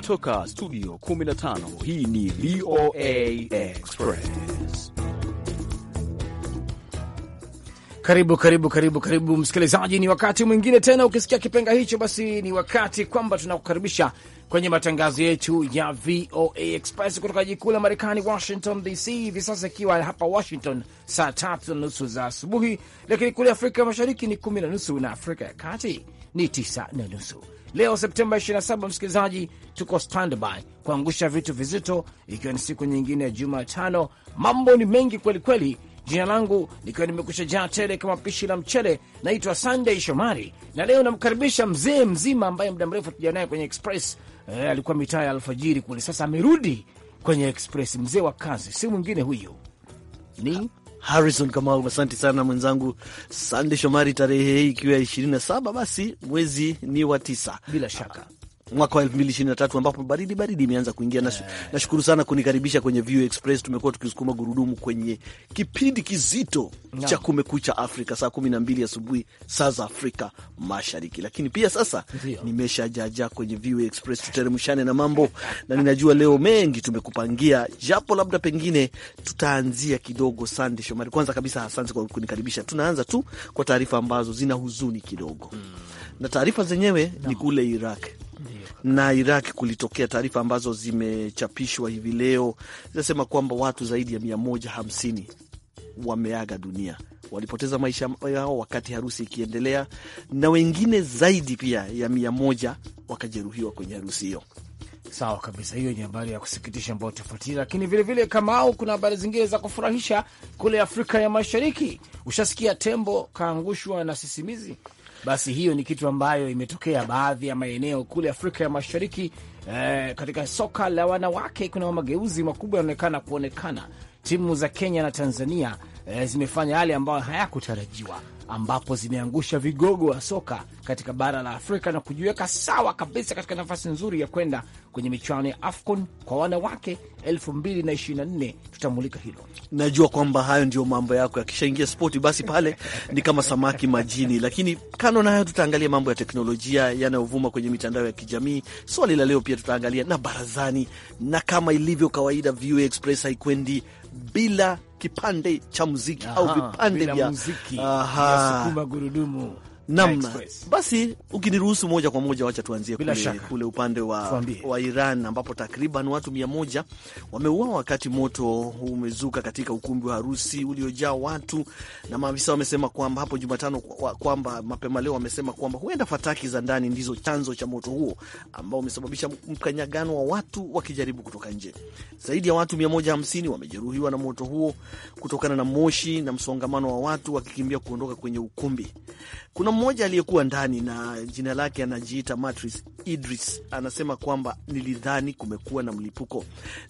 Kutoka studio 15 hii ni VOA Express. Karibu, karibu, karibu, karibu msikilizaji, ni wakati mwingine tena. Ukisikia kipenga hicho, basi ni wakati kwamba tunakukaribisha kwenye matangazo yetu ya VOA Express kutoka jiji kuu la Marekani, Washington DC, hivi sasa ikiwa hapa Washington saa tatu na nusu za asubuhi, lakini kule Afrika Mashariki ni kumi na nusu na Afrika ya Kati ni tisa na nusu. Leo Septemba 27, msikilizaji, tuko standby kuangusha vitu vizito, ikiwa ni siku nyingine ya Jumatano. Mambo ni mengi kwelikweli. Jina langu nikiwa nimekusha jaa tele kama pishi la mchele, naitwa Sunday Shomari na leo namkaribisha mzee mzima ambaye muda mrefu tuja naye kwenye Express. Eh, alikuwa mitaa ya alfajiri kule, sasa amerudi kwenye Express. Mzee wa kazi si mwingine huyu ni Harrison Kamau, asante sana mwenzangu Sande Shomari. Tarehe hii ikiwa ishirini na saba, basi mwezi ni wa tisa, bila shaka mwaka wa tatu ambapo baridi baridi imeanza kuingia. Eh. nashukuru sana kunikaribisha kwenye View Express. Tumekuwa tukisukuma gurudumu kwenye kipindi kizito no. cha kumekucha Afrika saa mbili asubuhi saa za Afrika Mashariki, lakini pia sasa nimeshajaja kwenye View Express, tuteremshane na mambo na ninajua leo mengi tumekupangia, japo labda pengine tutaanzia kidogo. Sande Shomari, kwanza kabisa asante kwa kunikaribisha. Tunaanza tu kwa taarifa ambazo zina huzuni kidogo mm. na taarifa zenyewe no. ni kule Iraq na Iraq kulitokea taarifa ambazo zimechapishwa hivi leo, zinasema kwamba watu zaidi ya mia moja hamsini wameaga dunia walipoteza maisha yao wakati harusi ikiendelea, na wengine zaidi pia ya mia moja wakajeruhiwa kwenye harusi hiyo. Sawa kabisa, hiyo ni habari ya kusikitisha ambayo tutafuatilia, lakini vilevile kama au kuna habari zingine za kufurahisha kule Afrika ya Mashariki. Ushasikia tembo kaangushwa na sisimizi? basi hiyo ni kitu ambayo imetokea baadhi ya maeneo kule Afrika ya Mashariki. Eh, katika soka la wanawake kuna mageuzi makubwa yanaonekana kuonekana. Timu za Kenya na Tanzania eh, zimefanya yale ambayo hayakutarajiwa ambapo zimeangusha vigogo wa soka katika bara la Afrika na kujiweka sawa kabisa katika nafasi nzuri ya kwenda kwenye michuano ya AFCON kwa wanawake 2024. Tutamulika hilo. Najua kwamba hayo ndio mambo yako, yakishaingia spoti basi pale ni kama samaki majini. Lakini kando na hayo, tutaangalia mambo ya teknolojia yanayovuma kwenye mitandao ya kijamii, swali la leo pia tutaangalia na barazani, na kama ilivyo kawaida, VOA Express haikwendi bila kipande cha muziki au vipande vya muziki, sukuma gurudumu Nam, basi ukiniruhusu moja kwa moja, wacha tuanzie kule, kule upande wa, wa Iran ambapo takriban watu mia moja wameuawa wakati moto umezuka katika ukumbi wa harusi uliojaa watu, na maafisa wamesema kwamba hapo Jumatano kwamba mapema leo wamesema kwamba huenda fataki za ndani ndizo chanzo cha moto huo ambao umesababisha mkanyagano wa watu wakijaribu kutoka nje. Zaidi ya watu hamsini wamejeruhiwa na moto huo kutokana na moshi na msongamano wa watu wakikimbia kuondoka kwenye ukumbi. Kuna mmoja aliyekuwa ndani na jina lake anajiita Matris Idris anasema kwamba nilidhani kumekuwa na mlipuko,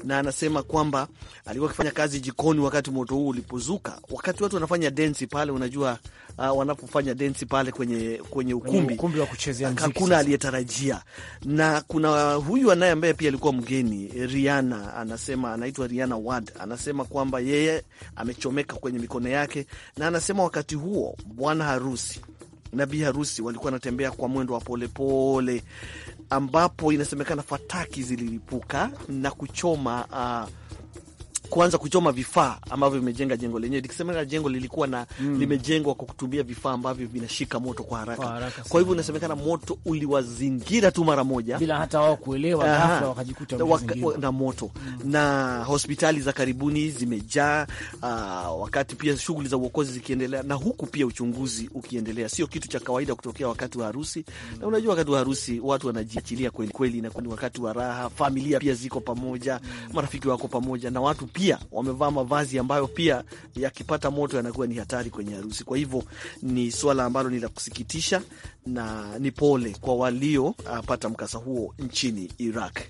na anasema kwamba alikuwa akifanya kazi jikoni wakati moto huu ulipozuka, wakati watu wanafanya densi pale. Unajua uh, wanapofanya densi pale kwenye, kwenye ukumbi, ukumbi wa kuchezea muziki, hakuna aliyetarajia. Na kuna huyu anaye ambaye pia alikuwa mgeni Riana, anasema anaitwa Riana Ward, anasema kwamba yeye amechomeka kwenye mikono yake, na anasema wakati huo bwana harusi na bi harusi walikuwa wanatembea kwa mwendo wa polepole pole, ambapo inasemekana fataki zililipuka na kuchoma uh, kuanza kuchoma vifaa ambavyo vimejenga jengo lenyewe, likisemekana jengo lilikuwa na mm. limejengwa kwa kutumia vifaa ambavyo vinashika moto kwa haraka, kwa haraka. Kwa hivyo inasemekana moto uliwazingira tu mara moja bila hata wao kuelewa, ghafla wakajikuta na moto mm. na hospitali za karibuni zimejaa, uh, wakati pia shughuli za uokozi zikiendelea na huku pia uchunguzi ukiendelea. Sio kitu cha kawaida kutokea wakati wa harusi mm. na unajua, wakati wa harusi watu wanajiachilia kweli kweli, na ni wakati wa raha, familia pia ziko pamoja mm. marafiki wako pamoja na watu pia pia wamevaa mavazi ambayo pia yakipata moto yanakuwa ni hatari kwenye harusi. Kwa hivyo ni suala ambalo ni la kusikitisha na ni pole kwa waliopata ah, mkasa huo nchini Iraq.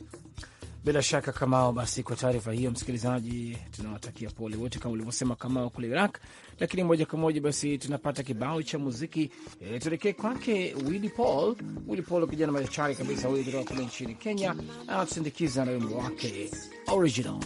Bila shaka Kamao, basi kwa taarifa hiyo, msikilizaji, tunawatakia pole wote kama ulivyosema Kamao kule Iraq. Lakini moja kwa moja basi tunapata kibao cha muziki e, tuelekee kwake Willy Paul. Willy Paul, kijana machachari kabisa huyu kutoka kule nchini Kenya, anatusindikiza na wimbo wake original.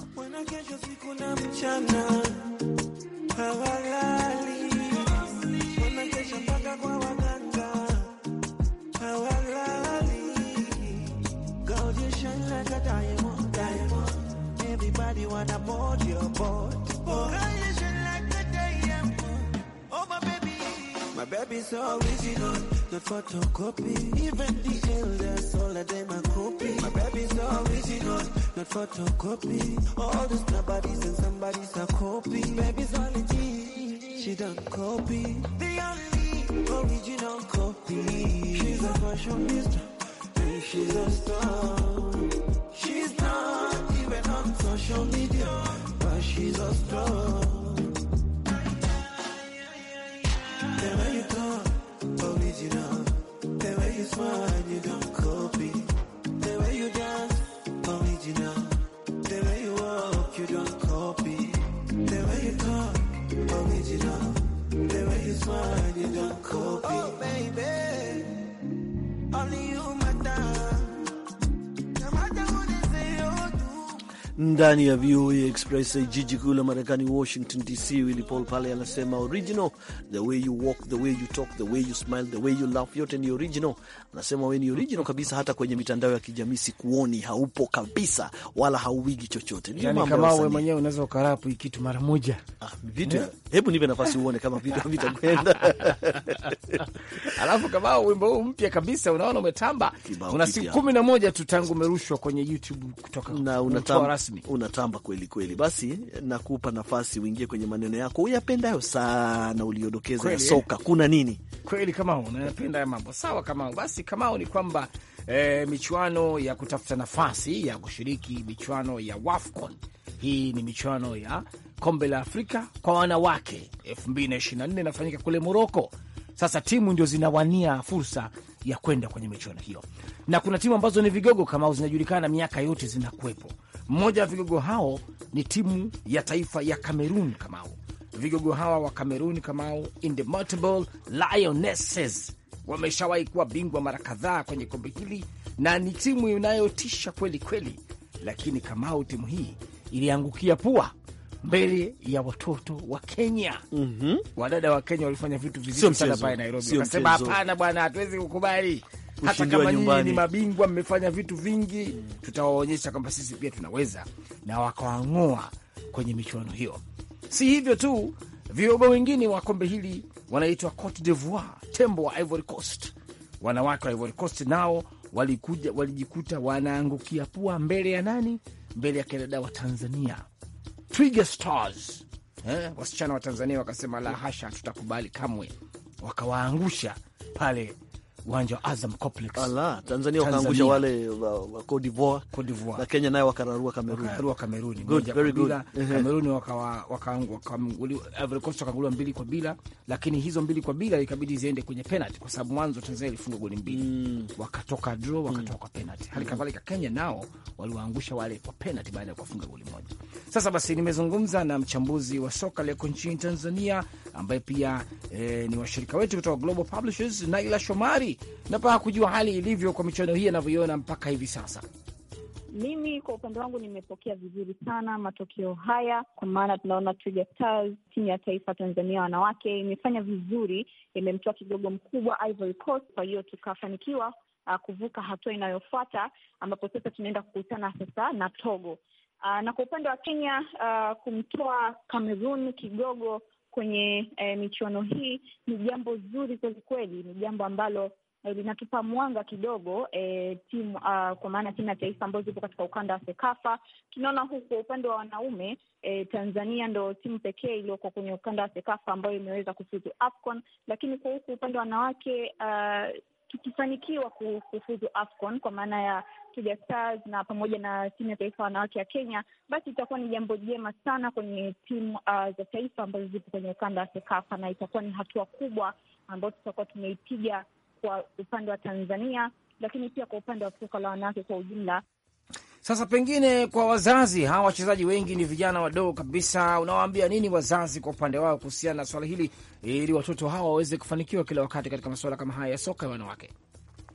Oh, my baby's original, not photocopy. Even the all of them are copy. My baby's original, not All these and somebody's a copy. Baby's only G, she don't copy. The only original copy. She's a fashion and she's a star social media, but she's a star. ndani ya VOA Express, jiji kuu la Marekani, Washington DC. Willi Paul pale anasema original, the way you walk, the way you talk, the way you smile, the way you laugh, yote ni original. Anasema we ni original kabisa, hata kwenye mitandao ya kijamii sikuoni, haupo kabisa, wala hauwigi chochote. Yani kama wewe mwenyewe unaweza ukarapu kitu mara moja, ah, vitu yeah. Hebu nipe nafasi uone kama vitu vitakwenda. Alafu kama wimbo huu mpya kabisa, unaona umetamba, una siku kumi na moja tu tangu umerushwa kwenye YouTube kutoka na unatamba rasmi. Unatamba kweli kweli. Basi nakupa nafasi uingie kwenye maneno yako uyapendayo sana, uliodokeza ya eh? soka. Kuna nini kweli kama unayapenda ya mambo sawa, kama basi kama ni kwamba e, michuano ya kutafuta nafasi ya kushiriki michuano ya WAFCON. Hii ni michuano ya kombe la Afrika kwa wanawake 2024 inafanyika kule Moroko sasa timu ndio zinawania fursa ya kwenda kwenye michuano hiyo, na kuna timu ambazo ni vigogo kama zinajulikana miaka yote zinakuwepo. Mmoja wa vigogo hao ni timu ya taifa ya Cameroon Kamau. Vigogo hawa wa Cameroon kama Indomitable Lionesses, wameshawahi kuwa bingwa mara kadhaa kwenye kombe hili na ni timu inayotisha kweli kweli, lakini Kamau, timu hii iliangukia pua mbele ya watoto wa Kenya. mm -hmm. Wadada wa Kenya walifanya vitu vizito sana pale Nairobi, wakasema hapana bwana, hatuwezi kukubali hata kama nyinyi ni mabingwa, mmefanya vitu vingi mm. tutawaonyesha kwamba sisi pia tunaweza, na wakawang'oa kwenye michuano hiyo. Si hivyo tu, viobo wengine wa kombe hili wanaitwa Cote d'Ivoire, tembo wa Ivory Coast. Wanawake wa Ivory Coast nao walikuja, walijikuta wanaangukia pua mbele ya nani? Mbele ya kinadada wa Tanzania Twiga Stars eh, wasichana wa Tanzania wakasema la hasha, tutakubali kamwe, wakawaangusha pale uwanja wa Azam Complex. Ala, Tanzania wakaangusha wale wa Cote Cote d'Ivoire. Na Kenya nayo wakararua Kameruni. Wakararua Kameruni. Good, very good. Kameruni wakawa wakaanguliwa Ivory Coast wakaanguliwa mbili kwa bila, lakini hizo mbili kwa bila ikabidi ziende kwenye penalty kwa sababu mwanzo Tanzania ilifunga goli mbili. Mm. Wakatoka draw, wakatoka mm. kwa penalty. Hali kadhalika Kenya nao waliwaangusha wale kwa penalty baada ya kufunga goli moja. Sasa basi nimezungumza na mchambuzi wa soka leko nchini Tanzania ambaye pia eh, ni washirika wetu kutoka Global Publishers Naila Shomari na paka kujua hali ilivyo kwa michuano hii anavyoiona mpaka hivi sasa. Mimi kwa upande wangu nimepokea vizuri sana matokeo haya, kwa maana tunaona Twiga Stars, timu ya taifa Tanzania wanawake, imefanya vizuri, imemtoa kigogo mkubwa Ivory Coast. Kwa hiyo tukafanikiwa uh, kuvuka hatua inayofuata ambapo sasa tunaenda kukutana sasa na Togo. Uh, na kwa upande wa Kenya uh, kumtoa Cameroon kigogo kwenye eh, michuano hii ni jambo zuri kwelikweli ni jambo ambalo Eh, linatupa mwanga kidogo e, eh, timu uh, ah, kwa maana timu ya taifa ambayo zipo katika ukanda wa Sekafa. Tunaona huku kwa upande wa wanaume e, Tanzania ndo timu pekee iliyoko kwenye ukanda wa Sekafa ambayo imeweza kufuzu AFCON, lakini kwa huku upande wa wanawake uh, tukifanikiwa kufuzu AFCON kwa maana ya Twiga Stars na pamoja na timu ya taifa wanawake ya Kenya, basi itakuwa ni jambo jema sana kwenye timu uh, ah, za taifa ambazo zipo kwenye ukanda wa Sekafa, na itakuwa ni hatua kubwa ambayo tutakuwa tumeipiga kwa upande wa Tanzania, lakini pia kwa upande wa soka la wanawake kwa ujumla. Sasa pengine kwa wazazi, hawa wachezaji wengi ni vijana wadogo kabisa, unawaambia nini wazazi kwa upande wao kuhusiana na swala hili, ili watoto hawa waweze kufanikiwa kila wakati katika masuala kama haya ya soka ya wanawake?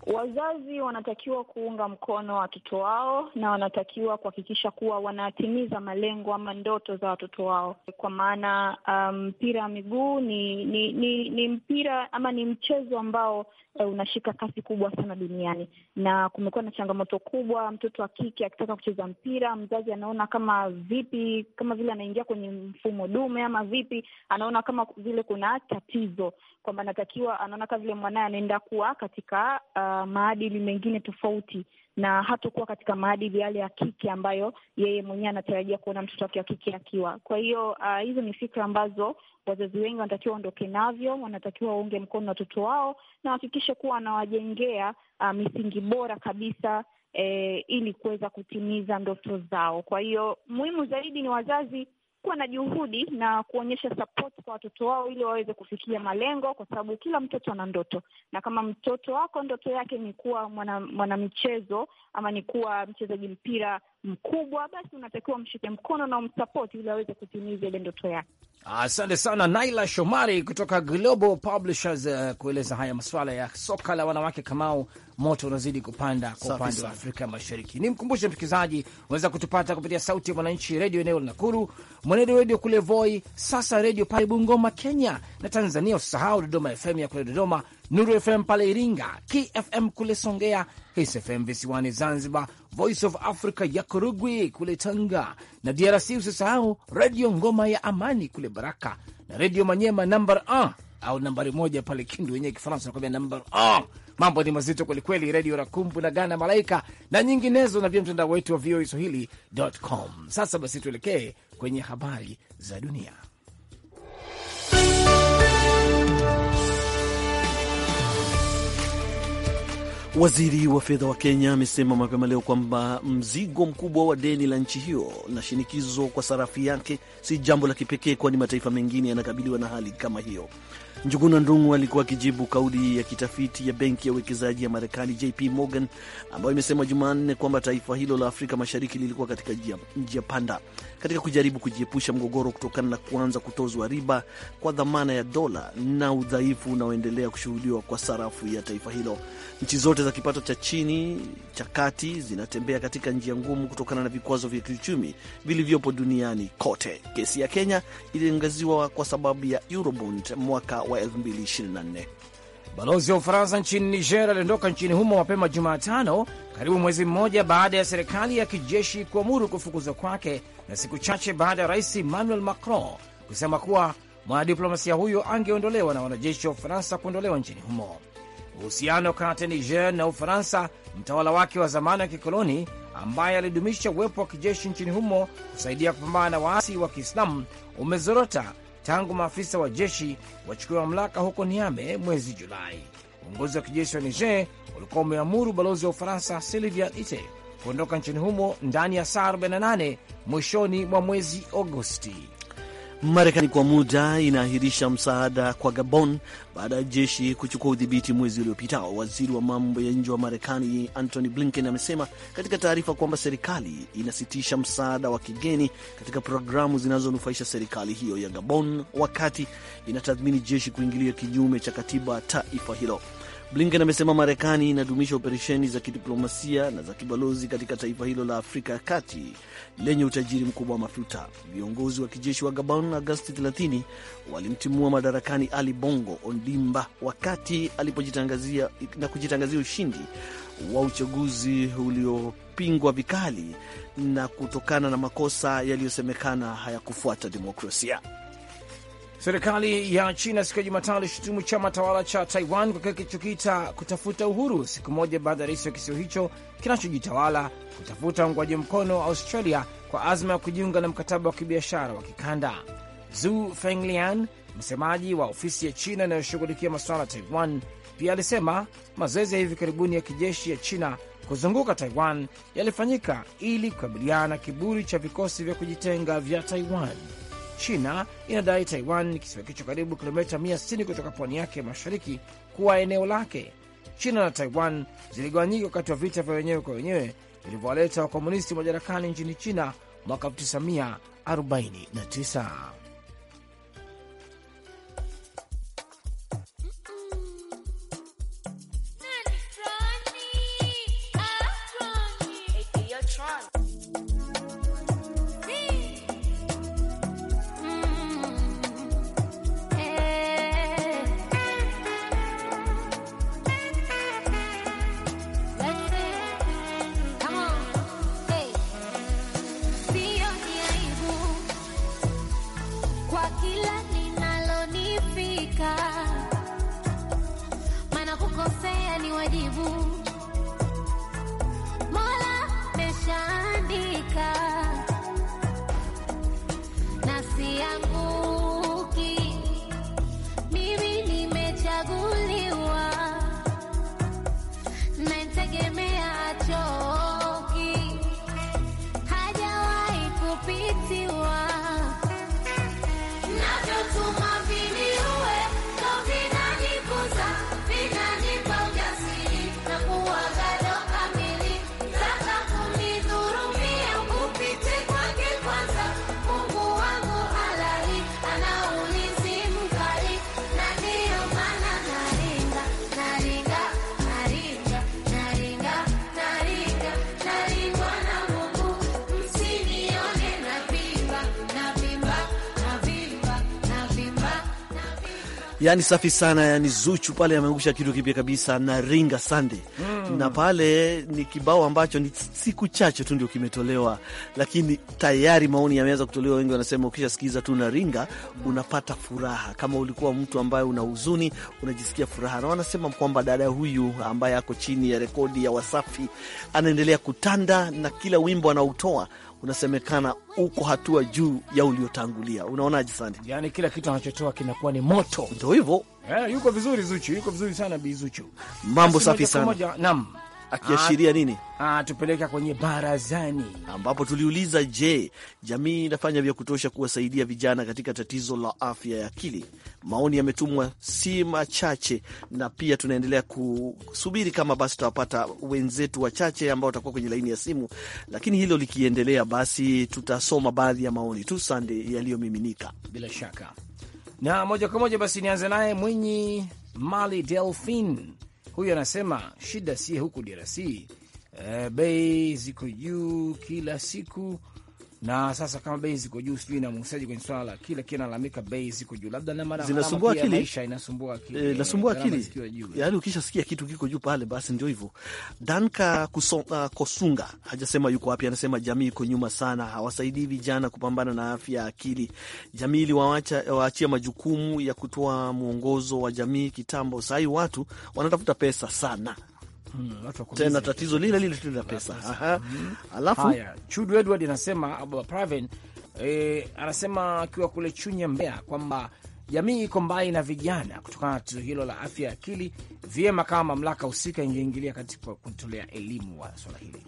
Wazazi wanatakiwa kuunga mkono watoto wao na wanatakiwa kuhakikisha kuwa wanatimiza malengo ama ndoto za watoto wao, kwa maana um, mpira um, wa miguu ni, ni ni ni mpira ama ni mchezo ambao uh, unashika kasi kubwa sana duniani, na kumekuwa na changamoto kubwa. Mtoto wa kike akitaka kucheza mpira, mzazi anaona kama vipi, kama vile anaingia kwenye mfumo dume ama vipi, anaona kama vile kuna tatizo kwamba anatakiwa, anaona kama vile mwanaye anaenda kuwa katika uh, maadili mengine tofauti na hatukuwa katika maadili yale ya kike ambayo yeye mwenyewe anatarajia kuona mtoto wake wa kike akiwa. Kwa hiyo uh, hizo ni fikra ambazo wazazi wengi wanatakiwa waondoke navyo, wanatakiwa waunge mkono watoto wao na wahakikishe kuwa wanawajengea uh, misingi bora kabisa eh, ili kuweza kutimiza ndoto zao. Kwa hiyo muhimu zaidi ni wazazi kuwa na juhudi na kuonyesha support kwa watoto wao ili waweze kufikia malengo, kwa sababu kila mtoto ana ndoto, na kama mtoto wako ndoto yake ni kuwa mwanamichezo mwana ama ni kuwa mchezaji mpira mkubwa, basi unatakiwa mshike mkono na umsapoti ili aweze kutimiza ile ndoto yake. Asante sana Naila Shomari kutoka Global Publishers uh, kueleza haya maswala ya soka la wanawake. Kamau, moto unazidi kupanda kwa upande wa Afrika Mashariki. Ni mkumbushe msikilizaji, unaweza kutupata kupitia Sauti ya Mwananchi redio eneo la Nakuru, Mwenedo redio kule Voi, sasa redio pale Bungoma Kenya na Tanzania. Usisahau Dodoma FM ya kule Dodoma, Nuru FM pale Iringa, KFM kule Songea Hits FM visiwani Zanzibar, Voice of Africa ya Korogwe kule Tanga na DRC. Usisahau Redio Ngoma ya Amani kule Baraka na Redio Manyema nambar a au nambari moja pale Kindu, wenyewe Kifaransa nakwambia nambar a. Mambo ni mazito kwelikweli. Redio Rakumbu na Gana Malaika na nyinginezo, na pia mtandao wetu wa VOA Swahili.com. Sasa basi, tuelekee kwenye habari za dunia. Waziri wa fedha wa Kenya amesema mapema leo kwamba mzigo mkubwa wa deni la nchi hiyo na shinikizo kwa sarafu yake si jambo la kipekee, kwani mataifa mengine yanakabiliwa na hali kama hiyo. Njuguna Ndungu alikuwa akijibu kauli ya kitafiti ya benki ya uwekezaji ya Marekani JP Morgan ambayo imesema Jumanne kwamba taifa hilo la Afrika Mashariki lilikuwa katika njia panda katika kujaribu kujiepusha mgogoro kutokana na kuanza kutozwa riba kwa dhamana ya dola na udhaifu unaoendelea kushuhudiwa kwa sarafu ya taifa hilo. Nchi zote za kipato cha chini cha kati zinatembea katika njia ngumu kutokana na vikwazo vya kiuchumi vilivyopo duniani kote. Kesi ya Kenya iliangaziwa kwa sababu ya Eurobond mwaka wa 2024. Balozi wa Ufaransa nchini Niger aliondoka nchini humo mapema Jumatano, karibu mwezi mmoja baada ya serikali ya kijeshi kuamuru kufukuzwa kwake na siku chache baada ya rais Emmanuel Macron kusema kuwa mwanadiplomasia huyo angeondolewa na wanajeshi wa Ufaransa kuondolewa nchini humo. Uhusiano kati ya Niger na Ufaransa, mtawala wake wa zamani wa kikoloni ambaye alidumisha uwepo wa kijeshi nchini humo kusaidia kupambana na waasi wa Kiislamu, umezorota tangu maafisa wa jeshi wachukua mamlaka huko Niame mwezi Julai. Uongozi wa kijeshi wa Niger ulikuwa umeamuru balozi wa Ufaransa Sylvain Ite kuondoka nchini humo ndani ya saa 48 mwishoni mwa mwezi Agosti. Marekani kwa muda inaahirisha msaada kwa Gabon baada ya jeshi kuchukua udhibiti mwezi uliopita Waziri wa mambo ya nje wa Marekani Antony Blinken amesema katika taarifa kwamba serikali inasitisha msaada wa kigeni katika programu zinazonufaisha serikali hiyo ya Gabon wakati inatathmini jeshi kuingilia kinyume cha katiba taifa hilo. Blinken amesema Marekani inadumisha operesheni za kidiplomasia na za kibalozi katika taifa hilo la Afrika ya kati lenye utajiri mkubwa wa mafuta. Viongozi wa kijeshi wa Gabon Agosti 30 walimtimua madarakani Ali Bongo Ondimba wakati alipojitangazia na kujitangazia ushindi wa uchaguzi uliopingwa vikali na kutokana na makosa yaliyosemekana hayakufuata demokrasia. Serikali ya China siku ya Jumatano ilishutumu chama tawala cha Taiwan kwa kile kilichokiita kutafuta uhuru, siku moja baada ya rais wa kisiwa hicho kinachojitawala kutafuta uungwaji mkono wa Australia kwa azma ya kujiunga na mkataba wa kibiashara wa kikanda. Zu Fenglian, msemaji wa ofisi ya China inayoshughulikia masuala ya Taiwan, pia alisema mazoezi ya hivi karibuni ya kijeshi ya China kuzunguka Taiwan yalifanyika ili kukabiliana na kiburi cha vikosi vya kujitenga vya Taiwan. China inadai Taiwan, kisiwa kicho karibu kilomita 160 kutoka pwani yake mashariki, kuwa eneo lake. China na Taiwan ziligawanyika wakati wa vita vya wenyewe kwa wenyewe vilivyowaleta wakomunisti madarakani nchini China mwaka 1949. Yani safi sana, yani Zuchu pale ameangusha kitu kipya kabisa na Ringa Sunday mm. na pale ni kibao ambacho ni siku chache tu ndio kimetolewa, lakini tayari maoni yameanza kutolewa. Wengi wanasema ukishasikiza tu na Ringa unapata furaha, kama ulikuwa mtu ambaye una huzuni unajisikia furaha, na wanasema kwamba dada huyu ambaye ako chini ya rekodi ya Wasafi anaendelea kutanda na kila wimbo anautoa unasemekana uko hatua juu ya uliotangulia. Unaonaje Sandi? Yani kila kitu anachotoa kinakuwa ni moto. Ndio hivyo. Yeah, yuko vizuri Zuchu, yuko vizuri sana Bi Zuchu. Mambo safi sana. Naam akiashiria ah, nini? Ah, tupeleka kwenye barazani ambapo tuliuliza, je, jamii inafanya vya kutosha kuwasaidia vijana katika tatizo la afya ya akili? Maoni yametumwa si machache, na pia tunaendelea kusubiri kama basi tutawapata wenzetu wachache ambao watakuwa kwenye laini ya simu, lakini hilo likiendelea, basi tutasoma baadhi ya maoni tu sande yaliyomiminika bila shaka, na moja kwa moja basi nianze naye Mwinyi Mali Delfin Huyu anasema shida sie huku DRC, e, eh, bei ziko juu kila siku na sasa kama bei ziko juu, sijui na muuzaji kwenye swala la akili, lakini analalamika bei ziko juu, labda na mara zinasumbua akili, maisha inasumbua akili, e, inasumbua akili. Yaani ukishasikia kitu kiko juu pale, basi ndio hivyo. Danka Kusonga, uh, Kosunga hajasema yuko wapi, anasema jamii iko nyuma sana, hawasaidii vijana kupambana na afya ya akili. Jamii iliwaachia majukumu ya kutoa mwongozo wa jamii kitambo, sahii watu wanatafuta pesa sana Hmm, tena tatizo lile lile tu la pesa. Mm. Alafu haya, Chudu Edward anasema Abba Praven eh, anasema akiwa kule Chunya Mbeya kwamba jamii iko mbali na vijana kutokana na tatizo hilo la afya ya akili. Vyema kama mamlaka husika ingeingilia katika kutolea elimu wa swala hili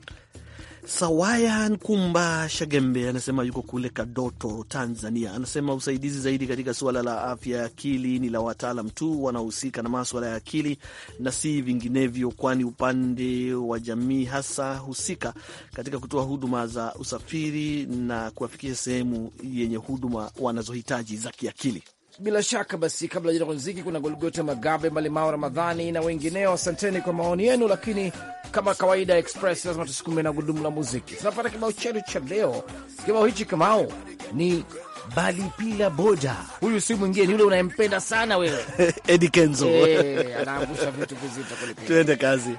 sawaya Kumba Shagembe anasema yuko kule Kadoto, Tanzania. Anasema usaidizi zaidi katika suala la afya ya akili ni la wataalam tu wanaohusika na maswala ya akili na si vinginevyo, kwani upande wa jamii hasa husika katika kutoa huduma za usafiri na kuwafikisha sehemu yenye huduma wanazohitaji za kiakili. Bila shaka basi, kabla jina muziki, kuna Golgota Magabe, Malimao Ramadhani na wengineo. Asanteni kwa maoni yenu, lakini kama kawaida Express lazima tusukume na gudumu la muziki. Tunapata kibao chetu cha leo. Kibao hichi kamao ni Balipila Boda. Huyu si mwingine, yule unayempenda sana wewe Edi Kenzo. E, anaangusha vitu vizito kweli Tuende kazi.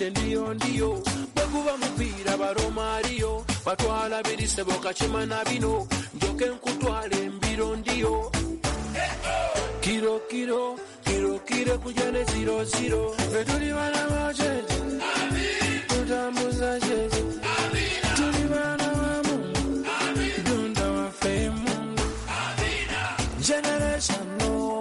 bakubite ndiyo ndiyo bakuba mupiira baromaariyo batwala birisebo kakima na bino njoke nkutwala embiro ndiyo kiro kiro kirukire kujya ne ziro ziro fe tuli bana ba jeje tutambuza jeje tuli bana ba mungu dunda wa fe mungu generation no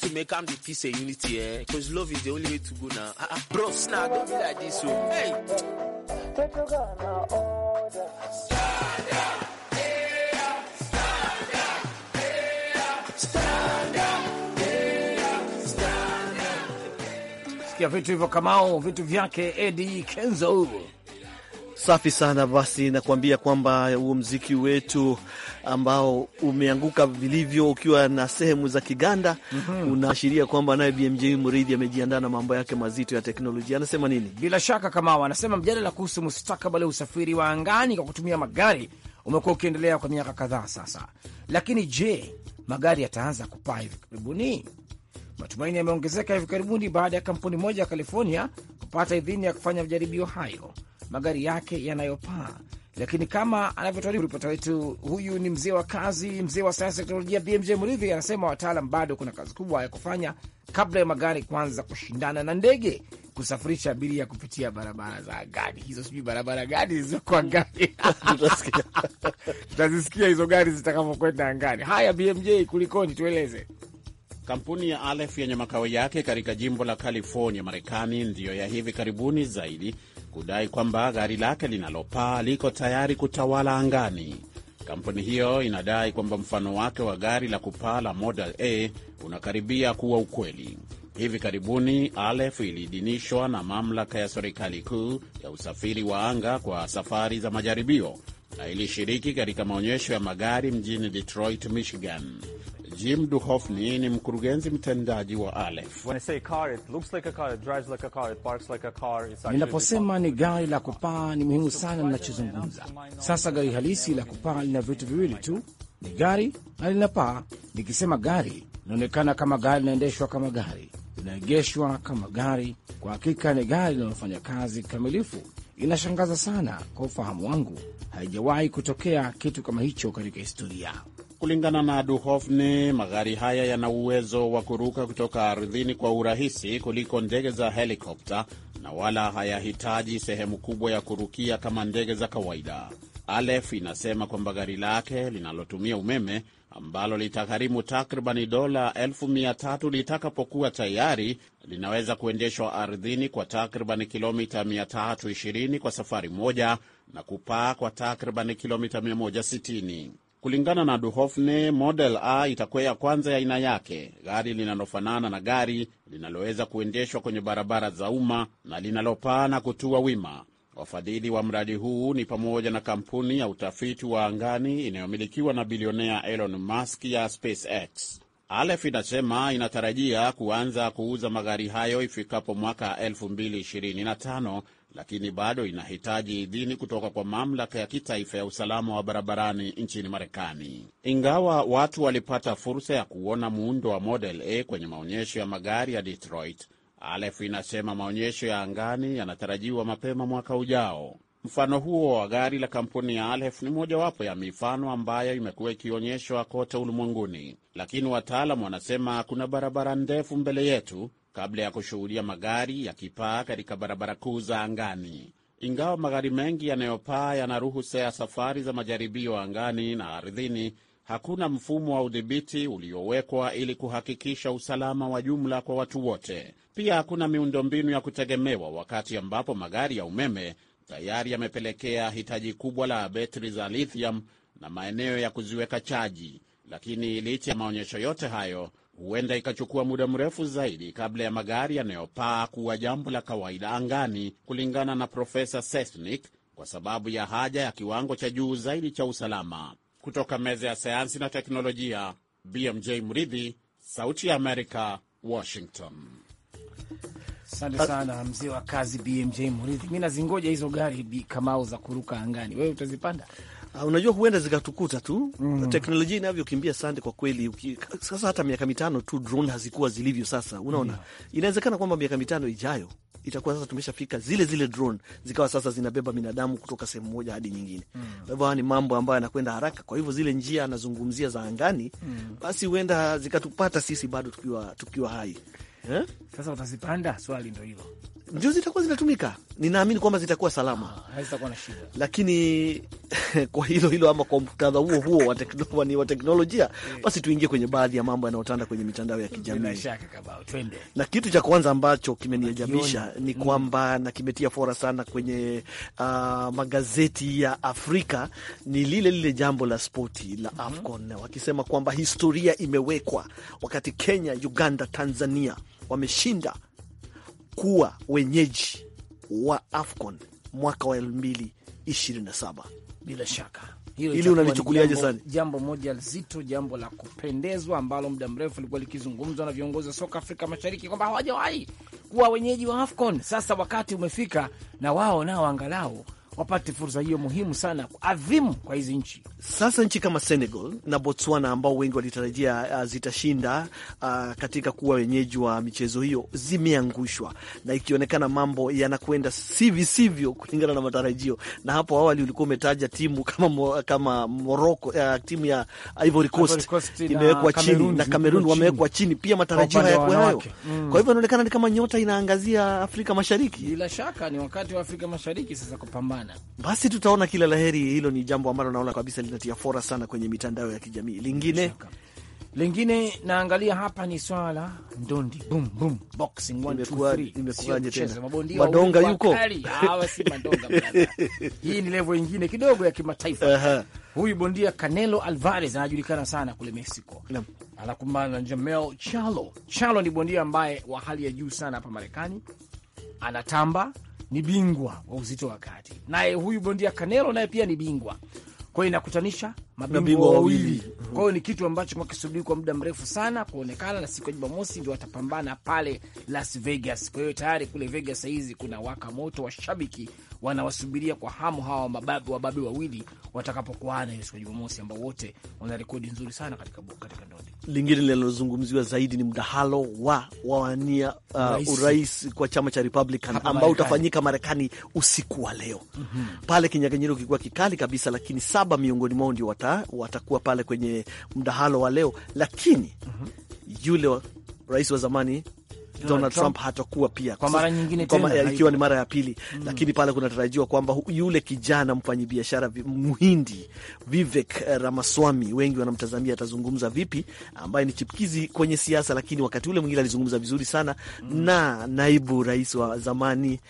to make am the peace and unity, eh? Because love is the only way to go now. Ah, ah, bro, snap, don't be like this, so. Oh. Hey! Sikia vitu hivyo kamao, vitu vyake Eddie Kenzo. Safi sana basi, nakuambia kwamba huu mziki wetu ambao umeanguka vilivyo ukiwa na sehemu za kiganda mm -hmm. Unaashiria kwamba naye BMJ Mridhi amejiandaa na mambo yake mazito ya teknolojia. Anasema nini? Bila shaka kama anasema mjadala kuhusu mustakabali wa usafiri wa angani kwa kutumia magari umekuwa ukiendelea kwa miaka kadhaa sasa, lakini je, magari yataanza kupaa hivi karibuni? Matumaini yameongezeka hivi karibuni baada ya kampuni moja ya California kupata idhini ya kufanya majaribio hayo. Magari yake yanayopaa lakini kama anavyotuarifu ripota wetu, huyu ni mzee wa kazi, mzee wa sayansi teknolojia BMJ Murithi, anasema wataalam bado kuna kazi kubwa ya kufanya kabla ya magari kuanza kushindana na ndege kusafirisha abiria kupitia barabara za gari hizo. Sijui barabara gani zilizokwa gari, tutazisikia hizo gari zitakavyokwenda angani. Haya, BMJ, kulikoni? Tueleze. Kampuni ya Aleph yenye makao yake katika jimbo la California, Marekani, ndiyo ya hivi karibuni zaidi kudai kwamba gari lake linalopaa liko tayari kutawala angani. Kampuni hiyo inadai kwamba mfano wake wa gari la kupaa la Model A unakaribia kuwa ukweli. Hivi karibuni Alef iliidhinishwa na mamlaka ya serikali kuu ya usafiri wa anga kwa safari za majaribio na ilishiriki katika maonyesho ya magari mjini Detroit, Michigan. Jim Duhofni ni mkurugenzi mtendaji wa Aleph. Ninaposema ni gari la kupaa, ni muhimu sana ninachozungumza sasa. Gari halisi la kupaa lina vitu viwili tu, ni gari na linapaa. Nikisema gari, linaonekana kama gari, linaendeshwa kama gari, linaegeshwa kama gari. Kwa hakika ni gari linalofanya kazi kikamilifu. Inashangaza sana, kwa ufahamu wangu haijawahi kutokea kitu kama hicho katika historia. Kulingana na duhofni magari haya yana uwezo wa kuruka kutoka ardhini kwa urahisi kuliko ndege za helikopta na wala hayahitaji sehemu kubwa ya kurukia kama ndege za kawaida. Alef inasema kwamba gari lake linalotumia umeme ambalo litagharimu takribani dola elfu mia tatu litakapokuwa tayari linaweza kuendeshwa ardhini kwa takribani kilomita 320 kwa safari moja na kupaa kwa takribani kilomita 160. Kulingana na Duhofne, Model A itakuwa ya kwanza ya aina yake, gari linalofanana na gari linaloweza kuendeshwa kwenye barabara za umma na linalopaa na kutua wima. Wafadhili wa mradi huu ni pamoja na kampuni ya utafiti wa angani inayomilikiwa na bilionea Elon Musk ya SpaceX. Alef inasema inatarajia kuanza kuuza magari hayo ifikapo mwaka 2025 lakini bado inahitaji idhini kutoka kwa mamlaka ya kitaifa ya usalama wa barabarani nchini Marekani. Ingawa watu walipata fursa ya kuona muundo wa Model A kwenye maonyesho ya magari ya Detroit, Alef inasema maonyesho ya angani yanatarajiwa mapema mwaka ujao. Mfano huo wa gari la kampuni ya Alef ni mojawapo ya mifano ambayo imekuwa ikionyeshwa kote ulimwenguni, lakini wataalamu wanasema kuna barabara ndefu mbele yetu kabla ya kushuhudia magari yakipaa katika barabara kuu za angani. Ingawa magari mengi yanayopaa yanaruhusa ya safari za majaribio angani na ardhini, hakuna mfumo wa udhibiti uliowekwa ili kuhakikisha usalama wa jumla kwa watu wote. Pia hakuna miundombinu ya kutegemewa, wakati ambapo magari ya umeme tayari yamepelekea hitaji kubwa la betri za lithium na maeneo ya kuziweka chaji. Lakini licha ya maonyesho yote hayo huenda ikachukua muda mrefu zaidi kabla ya magari yanayopaa kuwa jambo la kawaida angani, kulingana na Profesa Sesnik, kwa sababu ya haja ya kiwango cha juu zaidi cha usalama. Kutoka meza ya sayansi na teknolojia, BMJ Mridhi, Sauti ya Amerika, Washington. Asante ah. sana mzee wa kazi BMJ Mridhi. Mi nazingoja hizo gari kamao za kuruka angani, wewe utazipanda? Uh, unajua huenda zikatukuta tu mm. Teknolojia inavyokimbia sande, kwa kweli sasa hata miaka mitano tu drone hazikuwa zilivyo sasa, unaona mm. Inawezekana kwamba miaka mitano ijayo itakuwa sasa tumeshafika zile zile drone zikawa sasa zinabeba binadamu kutoka sehemu moja hadi nyingine. Mm. Kwa hivyo mm. ni mambo ambayo yanakwenda haraka. Kwa hivyo zile njia anazungumzia za angani mm. basi huenda zikatupata sisi bado tukiwa, tukiwa hai eh? Sasa utazipanda, swali ndo hilo ndio zitakuwa zinatumika. Ninaamini kwamba zitakuwa salama ah, shida. Lakini kwa hilo hilo ama kwa muktadha huo huo wa teknolojia, wa teknolojia eh. basi tuingie kwenye baadhi ya mambo yanayotanda kwenye mitandao ya kijamii, na kitu cha kwanza ambacho kimeniajabisha ni mm. kwamba na kimetia fora sana kwenye uh, magazeti ya Afrika ni lile lile jambo la spoti la mm-hmm. AFCON, wakisema kwamba historia imewekwa wakati Kenya, Uganda, Tanzania wameshinda kuwa wenyeji wa AFCON mwaka wa elfu mbili ishirini na saba. Bila shaka hili unalichukuliaje sana? Jambo moja zito, jambo la kupendezwa ambalo muda mrefu likuwa likizungumzwa na viongozi wa soka Afrika Mashariki kwamba hawajawahi kuwa wenyeji wa AFCON. Sasa wakati umefika na wao nao angalau wapate fursa hiyo muhimu sana adhimu kwa hizi nchi. Sasa nchi kama Senegal na Botswana ambao wengi walitarajia uh, zitashinda uh, katika kuwa wenyeji wa michezo hiyo zimeangushwa, na ikionekana mambo yanakwenda sivi sivyo kulingana na matarajio. Na hapo awali ulikuwa umetaja timu kama, mo, kama Morocco, uh, timu ya Ivory Coast imewekwa chini na Cameroon wamewekwa chini pia, matarajio hayakuwa hayo. Mm. Kwa hivyo inaonekana ni kama nyota inaangazia Afrika Mashariki. Bila shaka ni wakati wa Afrika Mashariki sasa kupambana sana. Basi tutaona kila laheri. Hilo ni jambo ambalo naona kabisa linatia fora sana kwenye mitandao ya kijamii. Lingine lingine naangalia hapa ni swala ndondi, boom boom, boxing one two three. Imekuwaje tena madonga yuko hawa? Si madonga hii ni levo ingine kidogo ya kimataifa. uh -huh. Huyu bondia Canelo Alvarez anajulikana sana kule Mexico, anakumbana na Jamel Charlo. Charlo ni bondia ambaye wa hali ya juu sana hapa Marekani, anatamba ni bingwa wa uzito wa kati, naye huyu bondia Canelo naye pia ni bingwa. Kwa hiyo inakutanisha mabingwa wawili. Kwa hiyo ni kitu ambacho kwa kisubiri kwa muda mrefu sana kuonekana, na siku ya Jumamosi ndio watapambana pale Las Vegas. Kwa hiyo tayari kule Vegas sahizi kuna waka moto, washabiki wanawasubiria kwa hamu hawa mababe wababe wawili watakapokuana hiyo siku ya Jumamosi, ambao wote wana rekodi nzuri sana katika katika ndondi. Lingine linalozungumziwa zaidi ni mdahalo wa wawania uh, urais kwa chama cha Republican ambao utafanyika Marekani usiku wa leo. mm -hmm. Pale kinyaganyiro kikuwa kikali kabisa, lakini saba miongoni mwao ndio wata Afrika watakuwa pale kwenye mdahalo wa leo, lakini mhm. yule rais wa zamani Donald Trump, Trump hatakuwa pia kwa mara nyingine tena, ikiwa ni mara ya pili mm. Lakini pale kunatarajiwa kwamba yule kijana mfanyabiashara mhindi Vivek eh, Ramaswamy, wengi wanamtazamia atazungumza vipi, ambaye ni chipkizi kwenye siasa, lakini wakati ule mwingine alizungumza vizuri sana mm. na naibu rais wa zamani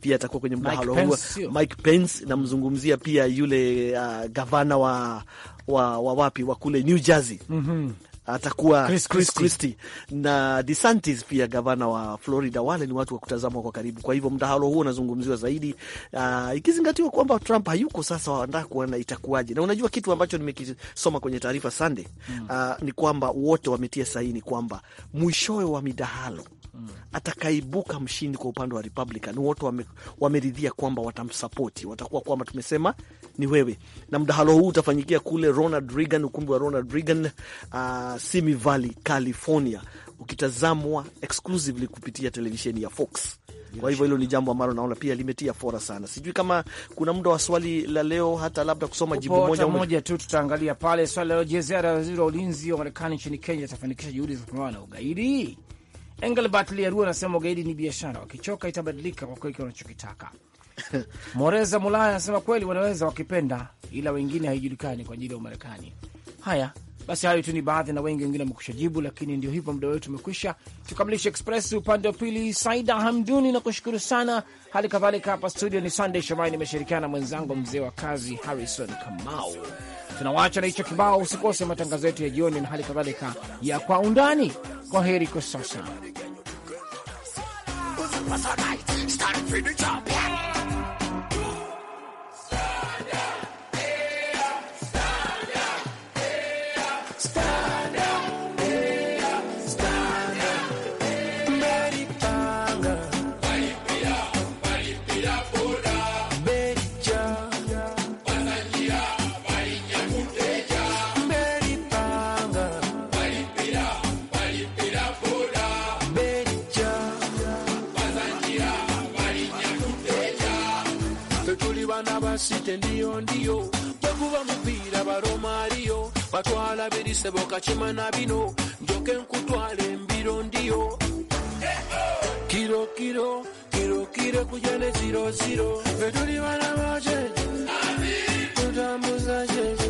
pia atakuwa kwenye mdahalo huo Mike Pence, namzungumzia pia yule uh, gavana wa wa, wa wapi wa kule New Jersey mm -hmm atakuwa Chris Christie. Christie na DeSantis pia gavana wa Florida, wale ni watu wa kutazamwa kwa karibu. Kwa hivyo mdahalo huo unazungumziwa zaidi, uh, ikizingatiwa kwamba Trump hayuko sasa, wanataka kuona itakuwaje. Na unajua kitu ambacho nimekisoma kwenye taarifa Sunday, uh, ni kwamba wote wametia saini kwamba mwishowe wa midahalo mm. atakaibuka mshindi kwa upande wa Republican, wote wameridhia wame kwamba watamsapoti, watakuwa kwamba tumesema ni wewe. Na mdahalo huu utafanyikia kule Ronald Reagan, ukumbi wa Ronald Reagan, uh, Simi Valley, California, ukitazamwa exclusively kupitia televisheni ya Fox. Kwa hivyo hilo ni jambo ambalo naona pia limetia fora sana. Sijui kama kuna muda wa swali la leo, hata labda kusoma jibu moja moja tu, tutaangalia pale swali la leo. Je, ziara ya waziri wa ulinzi wa Marekani nchini Kenya itafanikisha juhudi za kupambana na ugaidi? Engelbert Liaru anasema ugaidi ni biashara, wakichoka itabadilika kwa kweli wanachokitaka. Moreza Mulaya anasema kweli wanaweza wakipenda, ila wengine haijulikani kwa ajili ya Umarekani. Haya basi, hayo tu ni baadhi, na wengi wengine wamekusha jibu, lakini ndio hivyo, muda wetu umekwisha. Tukamilishe Express upande wa pili. Saida Hamduni na kushukuru sana, hali kadhalika hapa studio ni Sandey Shomai, nimeshirikiana na mwenzangu mzee wa kazi Harrison Kamau tunawacha na hicho kibao. Usikose matangazo yetu ya jioni na hali kadhalika ya kwa undani. Kwa heri kwa sasa. nze ndiyo ndiyo bweguba mupiira baromaariyo batwala birisebokakima na bino njoke nkutwala embiro ndiyo kirokiro kirokire kujane ziroziro fetuli bana ba jeje tutambuza jeje